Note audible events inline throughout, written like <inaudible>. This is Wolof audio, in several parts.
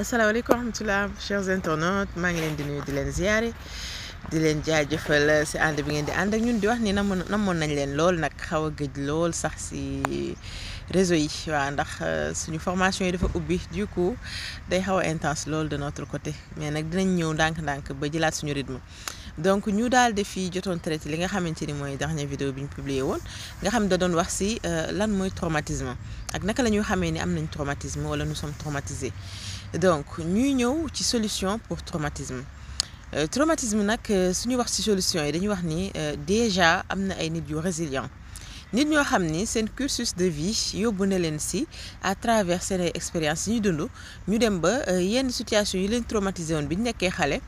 asalaamaaleykum wa rahmatulah chers internautes maa ngi leen di nuyu di leen ziare di leen jaajëfal si ànd bi ngeen di ànd ak ñun di wax ni namoon namoon nañ leen lool nag xaw a gëj lool sax si réseau yi waaw ndax euh, suñu formation yi dafa ubbi du coup day xaw a intense lool de notre côté mais nag dinañ ñëw ndànk-ndànk ba jëlaat suñu rythme. donc ñu daal di fi jotoon traité li nga xamante ni mooy dernière vidéo bi ñu publié woon nga xam da doon wax si euh, lan mooy traumatisme ak naka la ñuy xamee ni am nañ traumatisme wala nous sommes traumatisés. donc ñuy ñëw ci solution pour traumatisme euh, traumatisme nag euh, suñu wax ci solution yi dañuy wax ni euh, déjà am na ay nit yu résilient nit ñoo xam ni seen cursus de vie yóbbu na leen si à travers seen expérience expériences yi ñu dund ñu dem ba yenn situation yi leen traumatisé woon bi ñu nekkee xale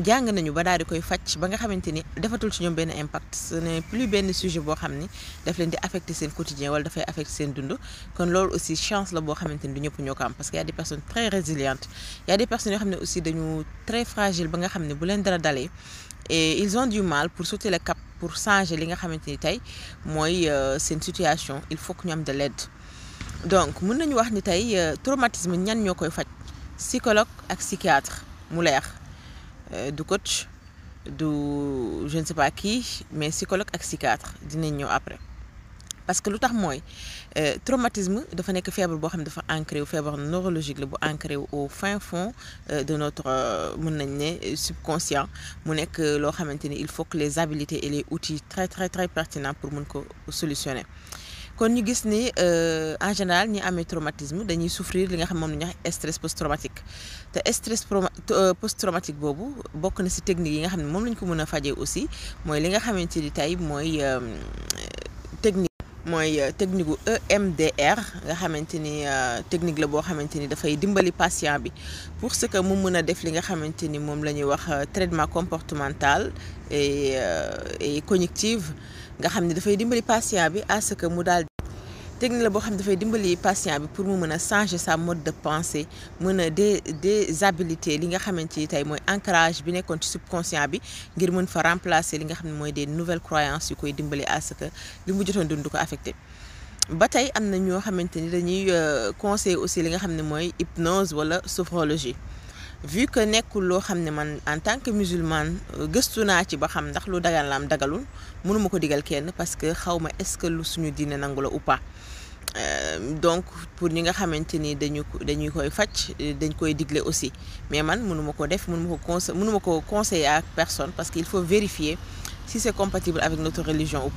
jàng nañu ba daal di koy faj ba nga xamante ni defatul ci ñoom benn impact ce n'est plus benn sujet boo xam ni daf leen di affecté seen quotidien wala dafay affecté seen dund kon loolu aussi chance la boo xamante ni du ñëpp ñoo ko am parce que y a des personnes très résilientes y a des personnes yoo xam ne aussi dañu très fragiles ba nga xam ne bu leen dara dalee et ils ont du mal pour sauter le cap pour changer li nga xamante ni tey mooy euh, seen situation il faut que ñu de l'aide donc mun nañu wax ni tey euh, traumatisme ñan ñoo koy faj psychologue ak psychiatre mu leer Euh, du coach du je ne sais pas qui mais psychologue ak psychiatre dinañ ñëw après parce que lu tax mooy euh, traumatisme dafa nekk feebar boo xam ne dafa ancré wu feebar neurologique la bu ancré wu au fin fond euh, de notre mun nañ ne subconscient mu nekk loo xamante ni il faut que les habilités et les outils très très très pertinents pour mën ko solutionner kon ñu gis ni euh, en général ñu amee traumatisme dañuy souffrir li nga xam moom la ñuy wax stress post traumatique te stress euh, post traumatique boobu bokk na ci technique yi nga xam ne moom lañ ko mën a fajee aussi mooy li nga xamante ni tey mooy euh, technique. mooy technique gu EMDR xamante ni technique la boo xamante ni dafay dimbali patient bi pour ce que mu mën a def li nga xamante ni moom la ñuy wax traitement comportemental et et nga xam ne dafay dimbali patient bi à que mu daal technique la boo xam ne dafay dimbali patient bi pour mu mën a changer sa mode de pensée mën a dé déshabilité li nga xamante ni tey mooy ancrage bi nekkoon ci subconscient bi ngir mën fa remplacer li nga xam ne mooy des nouvelle croyances yu koy dimbali à que li mu jotoon dundu ko affecté. ba tey am na ñoo xamante ni dañuy euh, conseil aussi li nga xam ne mooy hypnose wala sophrologie. vu que nekkul loo xam ne man en tant que musulman euh, gëstu naa ci ba xam ndax lu dagan la am dagalul mënuma ko digal kenn parce que xaw ma est-ce que lu suñu diine nangu la ou pas euh, donc pour ñi nga xamante ni dañu dañuy koy faj dañ koy digle aussi mais man mënuma ko def mënuma ko mënuma ko conseiller à personne parce que il faut vérifier si c'est compatible avec notre religion ou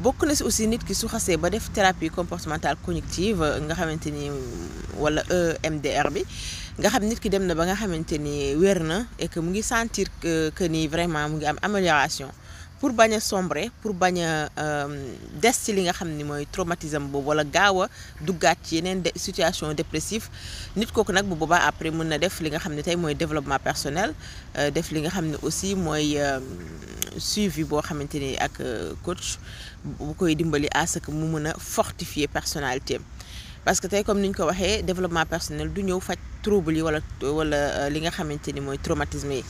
bokk na si aussi nit ki su xasee ba def thérapie comportementale cognitive euh, nga xamante ni wala EMDR bi nga xam nit ki dem na ba nga xamante ni wér na et que mu ngi sentir que ni vraiment mu ngi am amélioration pour bañ a sombrer pour bañ a euh, des ci li nga xam ni mooy traumatisme boobu wala gaaw a duggaat ci yeneen situation dépressive nit kooku nag bu boobaa après mën na def li nga xam ne tey mooy développement personnel euh, def li nga xam ne aussi mooy euh, suivi boo xamante ni ak coach bu koy dimbali à ce que mu mën a fortifier personnalité parce que tey comme ni ñu ko waxee développement personnel du ñëw faj trouble yi wala wala euh, li nga xamante ni mooy traumatisme yi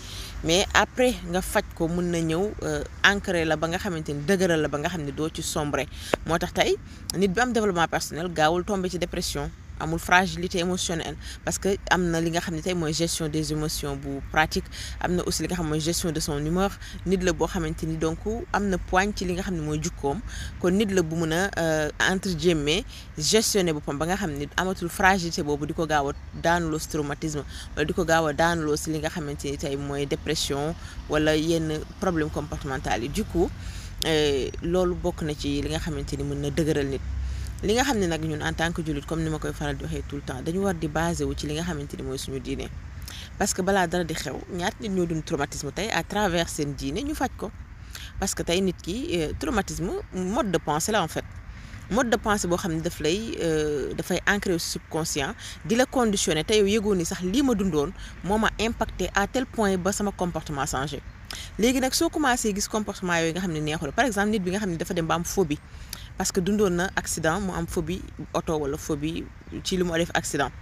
mais après nga faj ko mun na ñëw euh, ancré la ba nga xamante ni dëgëral la ba nga xam ne doo ci sombre moo tax tey nit bi am développement personnel gaawul tombé ci dépression amul fragilité émotionnelle parce que am na li nga xam ne tey mooy gestion des émotions bu pratique am na aussi li nga xam mooy gestion de son humeur nit la boo xamante ni donc am na poigne li nga xam ne mooy jukkoom kon nit la bu mën a euh, entre guillemets gestionner boppam ba nga xam ni amatul fragilité boobu di ko gaaw a daanuloo si traumatisme wala di ko gaaw a daanuloo si li nga xamante ni tey mooy dépression wala yenn problème comportemental yi du coup euh, loolu bokk na ci li nga xamante ni mën na dëgëral nit li nga xam ne nag ñun en tant que jullit comme ni ma koy faral di waxee tout le temps dañu war di basé wu ci li nga xamante ni mooy suñu diine parce que balaa dara di xew ñaata nit ñoo dund traumatisme tey à travers seen diine ñu faj ko parce que tey nit ki euh, traumatisme mode de pensée la en fait mode de pensée boo xam ne daf lay euh, dafay ancré au subconscient di la conditionné te yow yëgoon ni sax lii ma dundoon moo a impacté à tel point ba sama comportement changé léegi nag soo commencé gis comportement yooyu nga xam ne neexul par exemple nit bi nga xam ne dafa dem ba am phobie parce que dundoon na accident mu am phobie oto wala phobie ci li mu def accident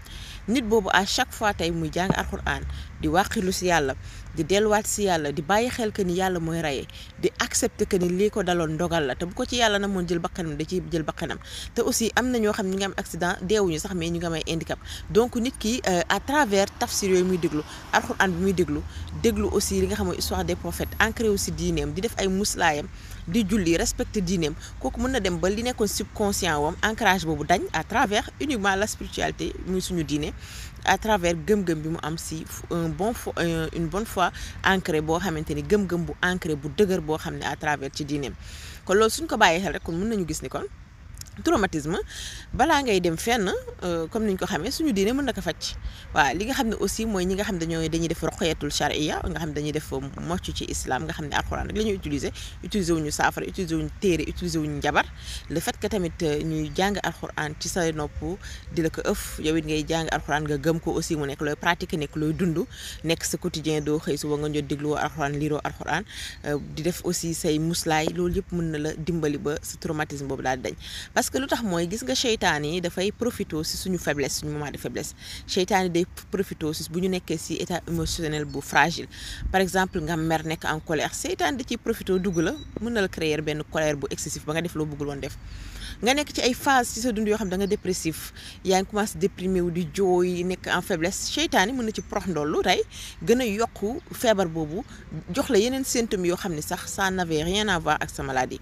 nit boobu à chaque fois tey muy jàng alxuraan di wàqilu si yàlla di delluwaat si yàlla di bàyyi xel que ni yàlla mooy reye di accepter que ni lii ko daloon ndogal la te bu ko ci yàlla na moon jël bakkanam da ci jël bakkanam te aussi am na ñoo xam ne ñu ngi am accident deewuñu sax mais ñu nga may ay donc nit ki euh, à travers tafsir yooyu muy déglu alxuraan bi muy déglu déglu aussi li nga xam mooy histoire des prophètes aussi diineem di def ay muslaayam di julli respecté diineem kooku mën na dem ba li nekkoon subconscient woom ancrage boobu dañ à travers uniquement la spiritualité muy suñu diine à travers gëm-gëm bi mu am si un bon fo une bonne fois ancré boo xamante ni gëm-gëm bu ancré bu dëgër boo xam ne à travers ci diineem kon loolu suñ ko bàyyee xel rek kon mën nañu gis ni kon traumatisme balaa ngay dem fenn euh, comme ni ñu ko xamee suñu diine mën na ko faj waaw li nga xam ne aussi mooy ñi nga xam dañooy dañuy def roqeetul charia nga xam dañuy def mocc ci islam nga xam ne alxuraan rek la ñuy utiliser utiliser wuñu saafara utiliser wuñu téere utiliser wuñu njabar le fait que tamit euh, ñuy jàng alxuraan ci sa nopp di la ko ëf yow it ngay jàng alxuraan nga gëm ko aussi mu nekk looy pratiquer nekk looy dund nekk sa quotidien doo xëy suba nga jot dégluwoo alxuraan liiroo alxuraan euh, di def aussi say muslaay loolu yëpp mën na la dimbali ba sa traumatisme boobu daal di parce que lu tax mooy gis nga seytaan yi dafay profité si suñu faiblesse suñu moment de faiblesse seytaan yi day profité si bu ñu nekkee si état émotionnel bu fragile par exemple nga mer nekk en colère seytaan di ci profité dugg la mën na la créer benn colère bu excessif ba nga def loo bëggul woon def nga nekk ci ay phase ci sa dund yoo xam da nga dépressif yaa ngi commencé déprimé wu di jooy nekk en faiblesse seytaan mën na ci prox ndollu tey gën a yokk feebar boobu jox la yeneen symptômes yoo xam ne sax ça n'avait rien à voir ak sa maladie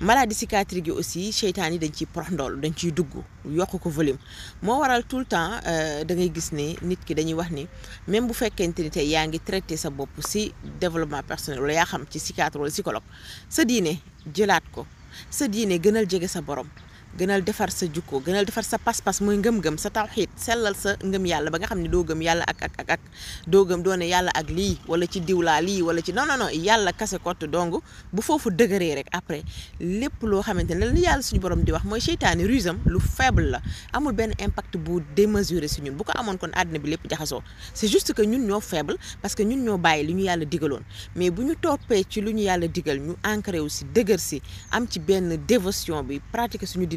maladie cicatrique gi aussi seytaan yi dañ ciy poroxndool dañ ciy dugg yokk ko volume moo waral tout le temps euh, da ngay gis ni nit ki dañuy wax ni même bu fekkente ni tey yaa ngi traité sa bopp si développement personnel wala yaa xam ci psychiatre wala psychologue sa diine jëlaat ko sa diine gënal jege sa borom gënal defar sa jukko gënal defar sa pas-pas muy ngëm-ngëm sa tawxiit sellal sa ngëm yàlla ba nga xam ne doo gëm yàlla ak ak ak ak doo gëm doone yàlla ak lii wala ci diwlaa lii wala ci non non non yàlla kase kott dong bu foofu dëgëree rek après lépp loo xamante ne li yàlla suñu borom di wax mooy seytaane rusam lu faible la amul benn impact bu démesuré si ñun bu ko amoon kon àddina bi lépp jaxasoo c'est juste que ñun ñoo faible parce que ñun ñoo bàyyi li ñu yàlla digaloon mais bu ñu toppee ci lu ñu yàlla digal ñu ancré wu si dëgër si am ci benn dévotion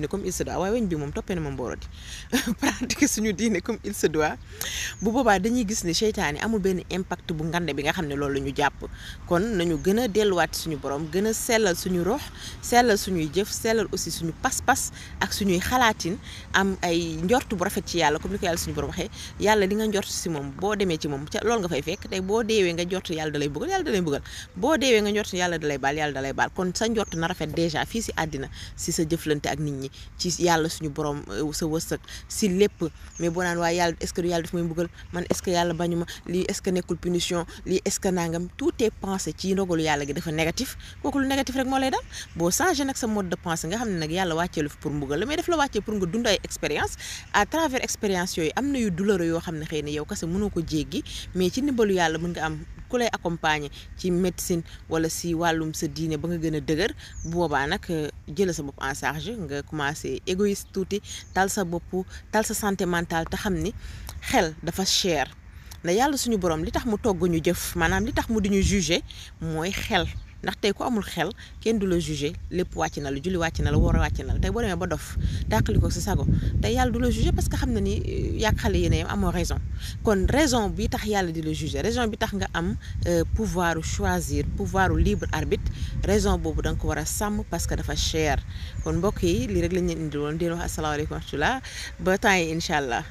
diine comme il se doit waaye weñ bi moom toppee na moom boorodi <laughs> pratiquer suñu diine comme il se doit bu boobaa dañuy gis ne seytaane amul benn impact bu ngande bi nga xam ne loolu la ñu jàpp kon nañu gën a delluwaat suñu boroom gën a sellal suñu rox sellal suñuy jëf sellal aussi suñu pas-pas ak suñuy xalaatin am ay njort bu rafet ci yàlla comme ni ko yàlla suñu borom waxee yàlla li nga njort si moom boo demee ci moom ca lool nga fay fekk te boo deewee nga njort yàlla dalay bëggal yàlla dalay bëggal boo deewee nga njort yàlla dalay baal yàlla dalay baal kon sa njort na rafet déjà fii si àddina si sa jëflante ak nit ñi ci yàlla suñu borom euh, sa wërsëg si lépp mais boo naan waaye yàlla est du yàlla daf may mbugal man est yàlla bañu ma lii nekkul punition lii est-ce que nangam tout ci ndogalu yàlla gi dafa négatif kooku lu négatif rek moo lay dal boo changé nag sa mode de pensée nga xam ne nag yàlla wàccee lu fi pour mbugal la mais daf la wàccee pour nga dund ay expérience à travers expérience yooyu am na yu douloureux yoo xam ne xëy na yow kese mënoo ko jéggi am ku lay accompagner ci médecine wala si wàllum sa diine ba nga gën a dëgër boobaa nag euh, jëla sa bopp en charge nga commencé égoïste tuuti tal sa bopp tal sa santé mentale te xam ni xel dafa cher. na yàlla suñu borom li tax mu togg ñu jëf maanaam li tax mu di ñu juger mooy xel. ndax tey ku amul xel kenn du la jugé lépp wàcc na la julli wàcc na la woor wàcc na la tey boo demee ba dof dàqali ko sa sago te yàlla du la jugé parce que xam na ni euh, yàgg xale yéen a yem amoo raison kon raison bi tax yàlla di la jugé raison bi tax nga am euh, pouvoir choisir pouvoir libre arbitre raison boobu danga ko war a sàmm parce que dafa cher kon mbokk yi lii rek lañ leen indi woon di wax asalaamaaleykum wa ba temps yi incha allah